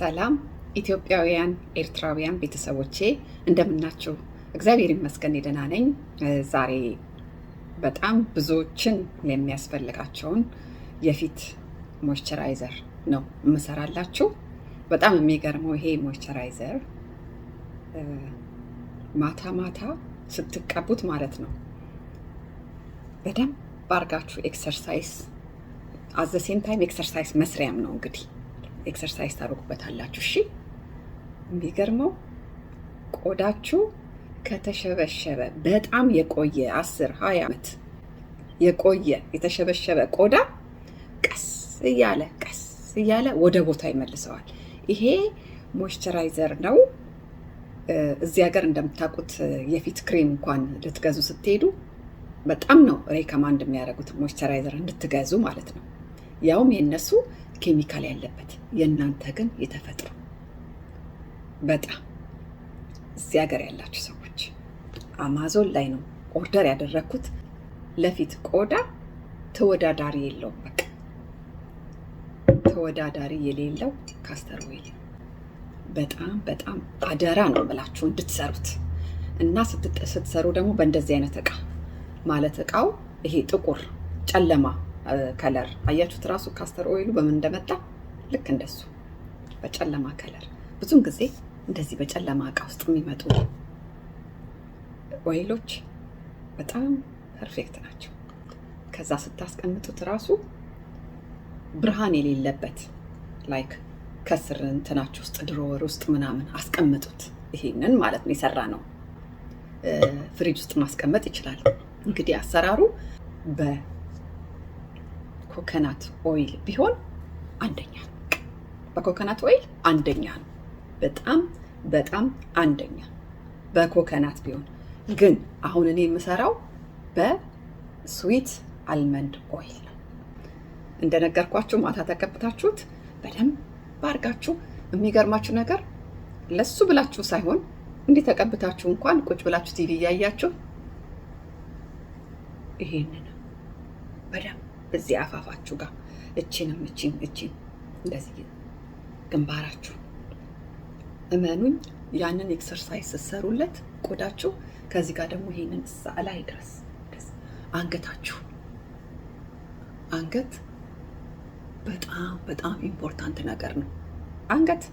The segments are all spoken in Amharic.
ሰላም ኢትዮጵያውያን ኤርትራውያን ቤተሰቦቼ እንደምናችሁ? እግዚአብሔር ይመስገን ደህና ነኝ። ዛሬ በጣም ብዙዎችን የሚያስፈልጋቸውን የፊት ሞይስቸራይዘር ነው የምሰራላችሁ። በጣም የሚገርመው ይሄ ሞይስቸራይዘር ማታ ማታ ስትቀቡት ማለት ነው በደንብ አድርጋችሁ ኤክሰርሳይዝ አዘ ሴም ታይም ኤክሰርሳይዝ መስሪያም ነው እንግዲህ ኤክሰርሳይዝ ታደርጉበታላችሁ። እሺ የሚገርመው ቆዳችሁ ከተሸበሸበ በጣም የቆየ አስር ሀያ ዓመት የቆየ የተሸበሸበ ቆዳ ቀስ እያለ ቀስ እያለ ወደ ቦታ ይመልሰዋል። ይሄ ሞይስቸራይዘር ነው። እዚህ ሀገር እንደምታውቁት የፊት ክሬም እንኳን ልትገዙ ስትሄዱ በጣም ነው ሬከማንድ የሚያደርጉት ሞይስቸራይዘር እንድትገዙ ማለት ነው። ያውም የነሱ ኬሚካል ያለበት የእናንተ ግን የተፈጥሮ በጣም እዚህ ሀገር ያላችሁ ሰዎች አማዞን ላይ ነው ኦርደር ያደረግኩት። ለፊት ቆዳ ተወዳዳሪ የለውም። በቃ ተወዳዳሪ የሌለው ካስተር ኦይል በጣም በጣም አደራ ነው ብላችሁ እንድትሰሩት እና ስትሰሩ ደግሞ በእንደዚህ አይነት እቃ ማለት እቃው ይሄ ጥቁር ጨለማ ከለር አያችሁት። ራሱ ካስተር ኦይሉ በምን እንደመጣ ልክ እንደሱ በጨለማ ከለር። ብዙን ጊዜ እንደዚህ በጨለማ እቃ ውስጥ የሚመጡ ኦይሎች በጣም ፐርፌክት ናቸው። ከዛ ስታስቀምጡት ራሱ ብርሃን የሌለበት ላይክ ከስር እንትናችሁ ውስጥ ድሮወር ውስጥ ምናምን አስቀምጡት። ይሄንን ማለት ነው የሰራ ነው ፍሪጅ ውስጥ ማስቀመጥ ይችላል። እንግዲህ አሰራሩ በ በኮኮናት ኦይል ቢሆን አንደኛ ነው። በኮኮናት ኦይል አንደኛ ነው። በጣም በጣም አንደኛ በኮኮናት ቢሆን ግን አሁን እኔ የምሰራው በስዊት አልመንድ ኦይል ነው። እንደነገርኳችሁ ማታ ተቀብታችሁት በደንብ ባርጋችሁ። የሚገርማችሁ ነገር ለሱ ብላችሁ ሳይሆን እንዲህ ተቀብታችሁ እንኳን ቁጭ ብላችሁ ቲቪ እያያችሁ ይሄንን በደንብ እዚህ አፋፋችሁ ጋር እችንም እችን እችን እንደዚህ ግንባራችሁ እመኑኝ። ያንን ኤክሰርሳይዝ ስትሰሩለት ቆዳችሁ ከዚህ ጋር ደግሞ ይሄንን እሳ ላይ ድረስ አንገታችሁ አንገት በጣም በጣም ኢምፖርታንት ነገር ነው። አንገት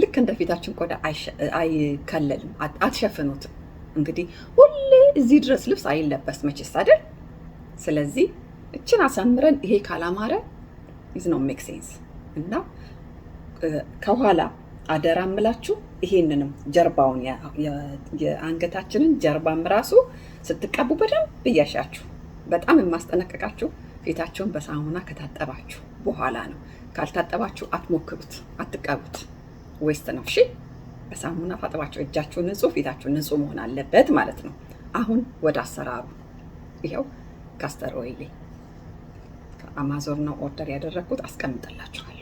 ልክ እንደ ፊታችን ቆዳ አይከለልም፣ አትሸፍኑትም። እንግዲህ ሁሌ እዚህ ድረስ ልብስ አይለበስ መቼስ አይደል? ስለዚህ እችን አሳምረን ይሄ ካላማረ ኢዝ ኖ ሜክ ሴንስ እና ከኋላ አደራ ምላችሁ ይሄንንም ጀርባውን የአንገታችንን ጀርባም ራሱ ስትቀቡ በደንብ እያሻችሁ በጣም የማስጠነቀቃችሁ ፊታችሁን በሳሙና ከታጠባችሁ በኋላ ነው። ካልታጠባችሁ አትሞክሩት፣ አትቀቡት፣ ዌስት ነው። እሺ በሳሙና ታጥባችሁ እጃችሁ ንጹህ፣ ፊታችሁ ንጹህ መሆን አለበት ማለት ነው። አሁን ወደ አሰራሩ ይኸው ካስተር ኦይሌ ከአማዞን ነው ኦርደር ያደረግኩት። አስቀምጥላችኋለሁ።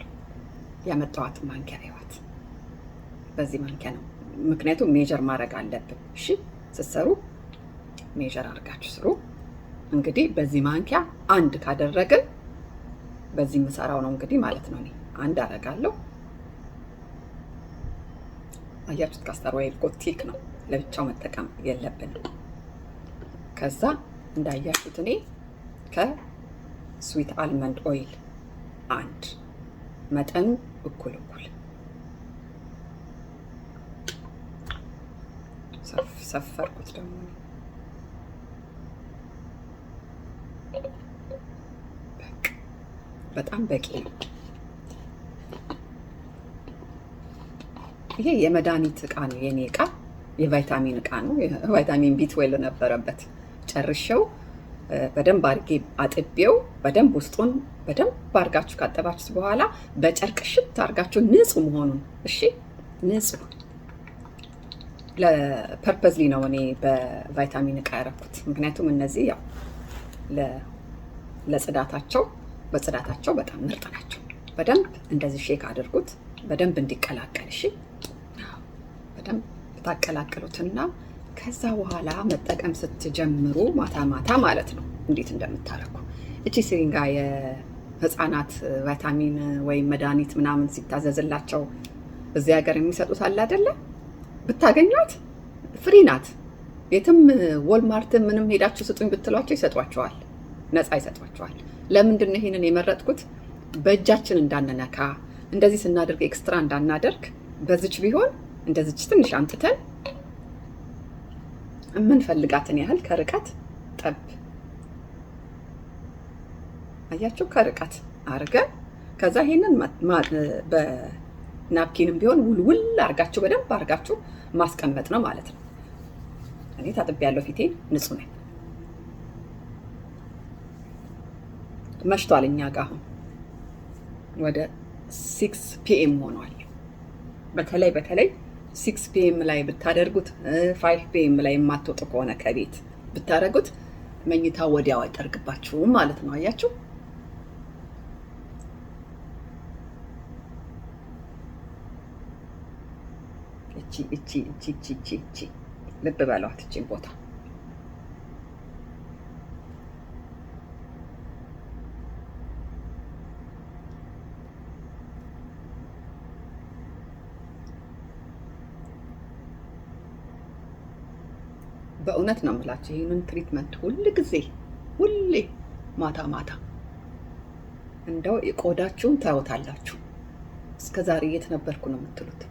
ያመጣዋት ማንኪያ ይዋት። በዚህ ማንኪያ ነው፣ ምክንያቱም ሜጀር ማድረግ አለብን። እሺ ስትሰሩ ሜጀር አድርጋችሁ ስሩ። እንግዲህ በዚህ ማንኪያ አንድ ካደረግን በዚህ ምሰራው ነው እንግዲህ ማለት ነው። እኔ አንድ አደርጋለሁ። አያችሁት? ካስተር ኦይል ኮቲክ ነው፣ ለብቻው መጠቀም የለብንም። ከዛ እንዳያችሁት እኔ ከ ስዊት አልመንድ ኦይል አንድ መጠኑ እኩል እኩል ሰፈርኩት ደግሞ በጣም በቂ ነው። ይሄ የመድኃኒት እቃ ነው፣ የኔ እቃ የቫይታሚን እቃ ነው። ቫይታሚን ቢ12 ነበረበት ጨርሼው በደንብ አድርጌ አጥቤው በደንብ ውስጡን በደንብ አድርጋችሁ ካጠባችሁ በኋላ በጨርቅ ሽት አድርጋችሁ ንጹህ መሆኑን እሺ፣ ንጹህ ለፐርፐዝሊ ነው እኔ በቫይታሚን እቃ ያረኩት። ምክንያቱም እነዚህ ያው ለጽዳታቸው በጽዳታቸው በጣም ምርጥ ናቸው። በደንብ እንደዚህ ሼክ አድርጉት፣ በደንብ እንዲቀላቀል እሺ። በደንብ ታቀላቅሉትና ከዛ በኋላ መጠቀም ስትጀምሩ ማታ ማታ ማለት ነው እንዴት እንደምታረኩ እቺ ሲሪንጋ የህፃናት ቫይታሚን ወይም መድኃኒት ምናምን ሲታዘዝላቸው እዚህ ሀገር የሚሰጡት አለ አይደለ? ብታገኟት ፍሪ ናት። የትም ወልማርት ምንም ሄዳችሁ ስጡኝ ብትሏቸው ይሰጧቸዋል ነፃ ይሰጧቸዋል? ለምንድን ነው ይህንን የመረጥኩት? በእጃችን እንዳንነካ እንደዚህ ስናደርግ ኤክስትራ እንዳናደርግ በዚች ቢሆን እንደዚች ትንሽ አምጥተን የምንፈልጋትን ያህል ከርቀት ጠብ አያችሁ፣ ከርቀት አርገን ከዛ ይሄንን በናፕኪንም ቢሆን ውልውል አርጋችሁ በደንብ አርጋችሁ ማስቀመጥ ነው ማለት ነው። እኔ ታጥቤ ያለው ፊቴ ንጹህ ነኝ። መሽቷል። እኛ ጋ አሁን ወደ ሲክስ ፒኤም ሆኗል። በተለይ በተለይ ሲክስ ፒኤም ላይ ብታደርጉት ፋይቭ ፒኤም ላይ የማትወጡ ከሆነ ከቤት ብታደርጉት መኝታ ወዲያው አይጠርግባችሁም ማለት ነው። አያችሁ እቺ እቺ እቺ እቺ እቺ ልብ በለዋት እቺን ቦታ በእውነት ነው የምላቸው ይህንን ትሪትመንት ሁል ጊዜ ሁሌ ማታ ማታ እንደው ቆዳችሁን ታውታላችሁ እስከ ዛሬ የት ነበርኩ ነው የምትሉት።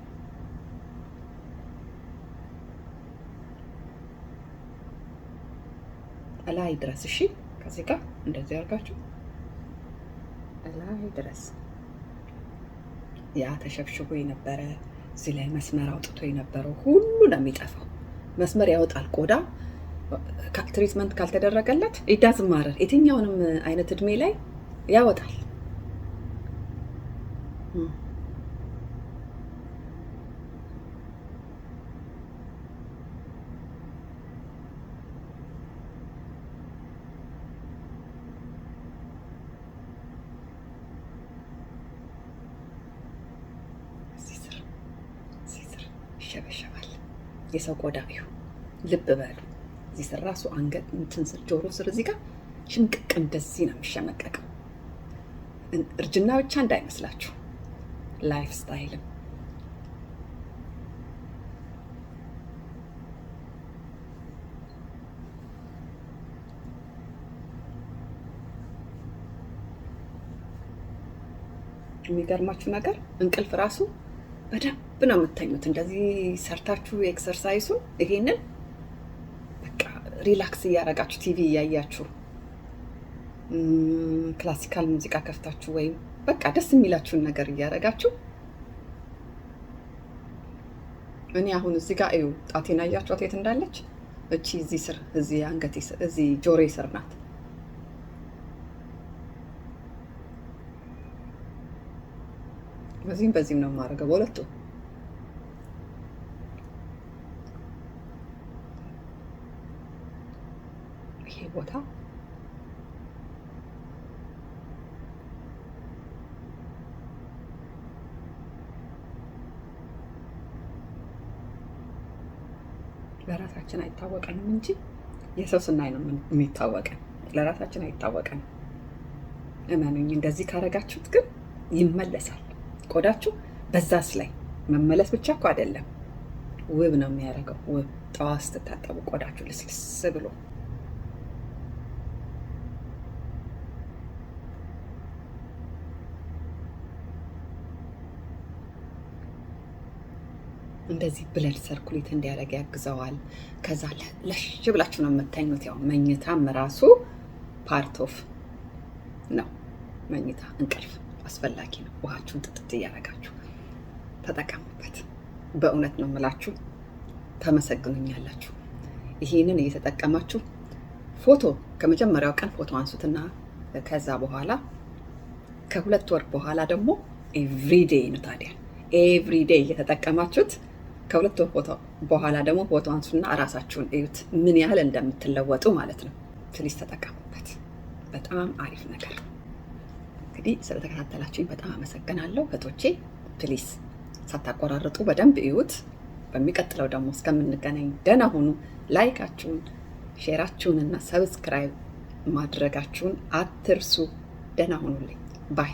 እላይ ድረስ እሺ፣ ከዚህ ጋር እንደዚህ አርጋችሁ እላይ ድረስ ያ ተሸብሽቦ የነበረ እዚህ ላይ መስመር አውጥቶ የነበረው ሁሉ ነው የሚጠፋው። መስመር ያወጣል ቆዳ ትሪትመንት ካልተደረገለት ኢዳዝ ማረር የትኛውንም አይነት እድሜ ላይ ያወጣል። የሰው ቆዳ ቢሆን ልብ በሉ። እዚህ ስር ራሱ አንገት እንትን ስር ጆሮ ስር እዚህ ጋር ሽምቅቅ እንደዚህ ነው የሚሸመቀቀው። እርጅና ብቻ እንዳይመስላችሁ ላይፍ ስታይልም የሚገርማችሁ ነገር እንቅልፍ ራሱ በደንብ ነው የምተኙት። እንደዚህ ሰርታችሁ ኤክሰርሳይሱ ይሄንን በቃ ሪላክስ እያረጋችሁ ቲቪ እያያችሁ ክላሲካል ሙዚቃ ከፍታችሁ ወይም በቃ ደስ የሚላችሁን ነገር እያረጋችሁ እኔ አሁን እዚህ ጋር እዩ ጣቴን አያችኋት የት እንዳለች? እቺ እዚህ ስር እዚህ አንገቴ እዚህ ጆሮዬ ስር ናት። በዚህም በዚህም ነው የማደርገው በሁለቱ ይሄ ቦታ ለራሳችን አይታወቀንም እንጂ የሰው ስናይ ነው የሚታወቀን። ለራሳችን አይታወቀንም። እመኑኝ፣ እንደዚህ ካረጋችሁት ግን ይመለሳል። ቆዳችሁ በዛስ ላይ መመለስ ብቻ እኮ አይደለም፣ ውብ ነው የሚያደርገው። ውብ ጠዋት ስትታጠቡ ቆዳችሁ ልስልስ ብሎ እንደዚህ ብለድ ሰርኩሌት እንዲያደርግ ያግዘዋል። ከዛ ለሽ ብላችሁ ነው የምተኙት። ያው መኝታም ራሱ ፓርት ኦፍ ነው መኝታ እንቅልፍ አስፈላጊ ነው። ውሃችሁን ጥጥት እያደረጋችሁ ተጠቀሙበት። በእውነት ነው የምላችሁ፣ ተመሰግኑኛላችሁ። ይህንን እየተጠቀማችሁ ፎቶ ከመጀመሪያው ቀን ፎቶ አንሱትና ከዛ በኋላ ከሁለት ወር በኋላ ደግሞ ኤቭሪዴይ ነው ታዲያ ኤቭሪዴይ እየተጠቀማችሁት ከሁለት ወር ፎቶ በኋላ ደግሞ ፎቶ አንሱና ራሳችሁን እዩት፣ ምን ያህል እንደምትለወጡ ማለት ነው። ትንሽ ተጠቀሙበት። በጣም አሪፍ ነገር እንግዲህ ስለተከታተላችሁኝ በጣም አመሰግናለሁ እህቶቼ። ፕሊስ ሳታቆራርጡ በደንብ እዩት። በሚቀጥለው ደግሞ እስከምንገናኝ ደህና ሁኑ። ላይካችሁን፣ ሼራችሁንና ሰብስክራይብ ማድረጋችሁን አትርሱ። ደህና ሁኑልኝ ባይ